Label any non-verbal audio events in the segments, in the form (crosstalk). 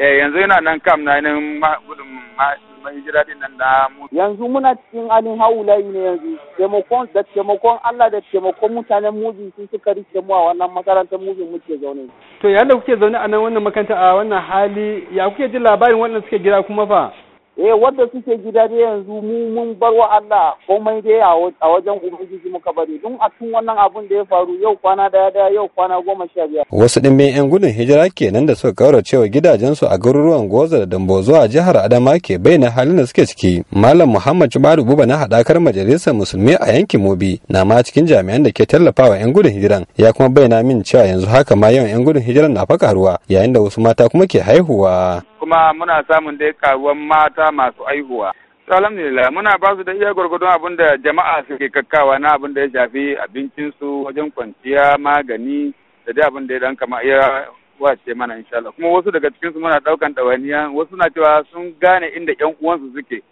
eh yanzu yana nan kam na nan gudun mahijira din nan da mu yanzu muna cikin alin haulayi ne yanzu taimakon da taimakon Allah da taimakon mutanen mubi sun suka rike mu a wannan makarantar mubi muke zaune to yanda kuke zaune a nan wannan makaranta a wannan hali ya kuke jin labarin wannan suke gida kuma fa eh wanda suke gida dai yanzu mu mun bar wa Allah komai dai a wajen ubangiji muka bari don a tun wannan abun da ya faru yau kwana daya daya yau kwana goma sha biyar. Wasu dimbin 'yan gudun hijira ke nan da suka kaura cewa gidajensu a garuruwan Goza da Dambo zuwa jihar Adama ke bayyana halin da suke ciki. Malam Muhammad Jubaru Buba na haɗakar majalisar musulmi a yankin Mobi na ma cikin jami'an da ke tallafawa 'yan gudun hijiran ya kuma bayyana min cewa yanzu haka ma yawan 'yan gudun hijiran na fakaruwa yayin da wasu mata kuma ke haihuwa. kuma muna samun dai karuwan mata masu aihuwa to alhamdulillah muna ba su da iya gwargwadon abin da jama'a suke kakkawa na abin da ya shafi abincinsu wajen kwanciya magani da dai abin da ya dan kama ya wace mana insha Allah kuma wasu daga cikinsu muna ɗaukan ɗawainiya wasu na cewa sun gane inda ƴan uwansu suke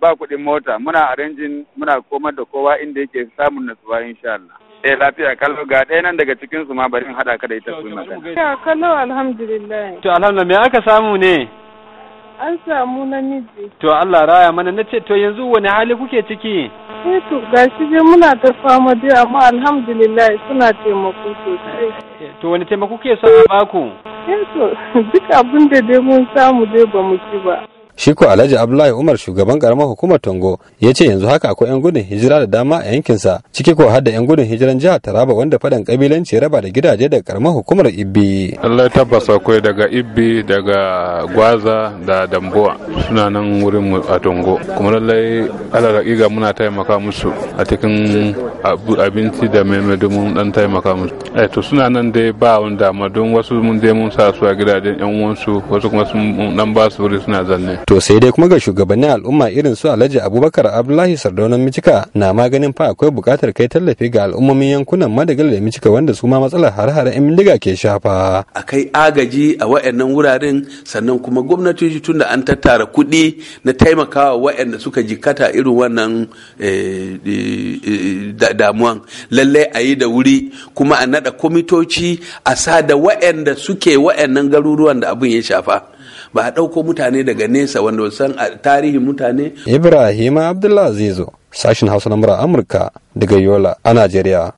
ba kuɗin mota muna arinjin muna komar da kowa inda yake samun natsuwa insha Allah Eh lafiya kallo ga ɗaya nan daga cikin su ma bari in haɗa ka da ita su magana. Ya kallo alhamdulillah. To alhamdulillah me aka samu ne? An samu namiji. To Allah raya mana na ce to yanzu wani hali kuke ciki? Eh to gashi dai muna ta fama dai amma alhamdulillah suna taimako sosai. To wani taimako kuke son a baku? Eh to (laughs) duk abin da dai mun samu dai ba mu ci ba. shi ko alhaji abdullahi umar shugaban karamar hukumar tongo ya ce yanzu haka akwai yan gudun hijira da dama a yankinsa ciki ko hada yan gudun hijiran jihar taraba wanda fadan kabilanci ya raba da gidaje daga karamar hukumar ibbi allah tabbas akwai daga ibbi daga gwaza da dambuwa suna nan wurin mu a tongo kuma lallai alal ga muna taimaka musu a cikin abinci da maimai mun dan taimaka musu eh to suna nan dai ba wani dama don wasu mun je mun sa su a gidajen yan uwansu wasu kuma sun dan ba su wuri suna zanne To sai dai kuma ga shugabannin al'umma irin su Alhaji Abubakar Abdullahi Sardaunan Micika na maganin fa akwai buƙatar kai tallafi ga al'ummomin yankunan Madagal da Micika wanda su ma matsalar har hare in bindiga ke shafa. A kai agaji a wayannan wuraren sannan kuma gwamnati tunda an tattara kuɗi na taimakawa wayanda suka jikkata irin wannan eh, eh, eh, damuwan lallai a yi da wuri kuma a naɗa kwamitoci a sa da wayanda suke wayannan garuruwan da abin ya shafa. ba a ɗauko mutane daga nesa wanda san tarihin mutane ibrahim abdullah zizo sashin hausa na amurka daga yola a najeriya